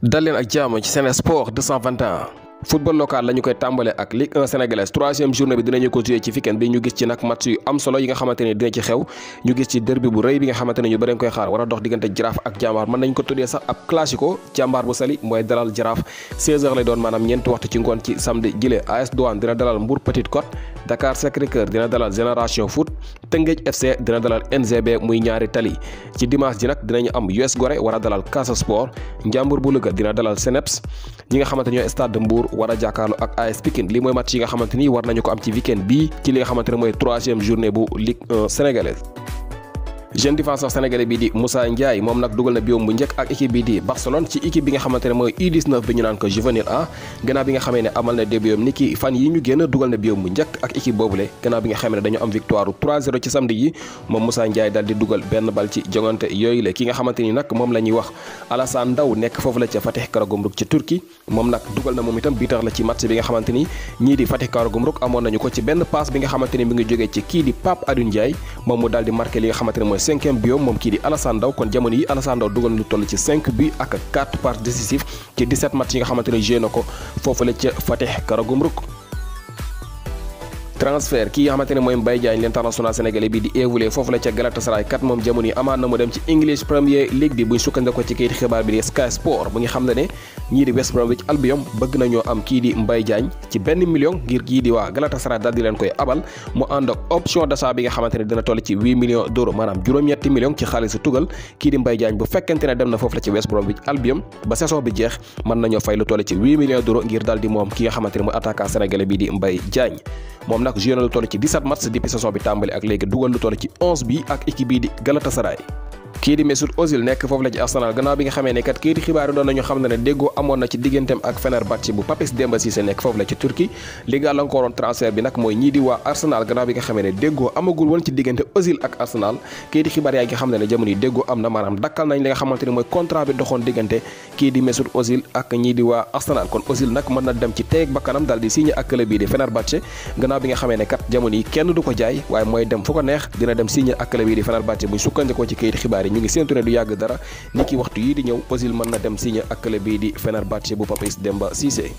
dal ak jàmm ci Sen Sport 221 football local la ñu koy tàmbale ak Ligue 1 sénégalaise 3e journée bi dinañu ko jouer ci weekend bi ñu gis ci nak match yu am solo yi nga xamanteni dina ci xew ñu gis ci derby bu reuy bi nga xamanteni ñu bëri koy xaar wara dox digënté Giraffe ak Jambar mën nañ ko tuddee sax ab classico Jambar bu sali moy dalal Giraffe 16h lay doon manam ñent waxtu ci ngoon ci samedi jilé AS Douane dina dalal Mbour Petite Côte dakar sacré cœur dina dalal génération foot tengej fc dina dalal NZB muy ñaari tali ci dimanche ji nak dinañu am us gore wara dalal casa sport njambur bu leuga dina dalal seneps ñi nga xamanteni ñoy stade de mbour wara jakarlo ak as pikin li moy match yi nga xamanteni war nañu ko am ci weekend bi ci li nga xamanteni moy 3 journée bu ligue 1 sénégalaise jeune défenseur sénégalais bi di Moussa Ndiaye moom nag dugal na biom bu njëkk ak équipe bi di Barcelone ci équipe bi nga xamante mooy u bi ñu naan ko juvenile A gannaaw bi nga xamee ne amal na débutam ni ki fan yi ñu génn dugal na biom bu njëkk ak équipe boobule gannaaw bi nga xamee ne dañu am victoire ci samedi yi moom Moussa Ndiaye daal di dugal benn bal ci jongante yooyu la ki nga xamante nag moom la wax Alassane Ndaw nekk foofu la ci Fatih Karagümrük cinquième bio moom kii di Alassane Ndao kon jamono yi Alassane Ndao dugal lu toll ci 5 bi ak 4 passes décisives ci 17 match yi nga xamante ne joué na ko foofule ca Fatih Karagumruk transfert kii nga xamante ne mooy Mbaye Diagne l'international sénégalais bi di évoluer foofu la ca Galatasaray kat moom jamono yi na mu dem ci English Premier League bi buñ sukkandikoo ci kayit xibaar bi di Sky Sport mu ngi xam ne ne ñii West Bromwich Albion bëgg nañoo am kii di Mbaye Diagne ci benn million ngir kii di waa Galatasaray daal leen koy abal mu ànd option d'achat bi nga xamante ne dina toll ci 8 millions d'euros juróom-ñetti millions Kaolack joué lu toll ci 17 match depuis bi tàmbali ak léegi dugal lu toll ci 11 bi ak équipe bii di Galatasaray kii di Mesut Ozil nekk foofu la ci Arsenal gannaaw bi nga xamee ne kat kii di xibaar yaa ngi xam ne ne jamono yi déggoo am na maanaam dakkal nañ li nga xamante ni mooy contrat bi doxoon diggante kii di Mesut di waa gannaaw bi nga xamee ne kat jamono yi kenn du ko jaay waaye mooy dem fu neex dina dem signé ak club di Fenerbahçe buñ sukkandikoo ci kii xibaar ñu ngi séentu ne du yàgg dara ni ki waxtu yii di ñëw Ozil mën na dem signé ak club bii di Fenerbahçe bu Papis Demba Cissé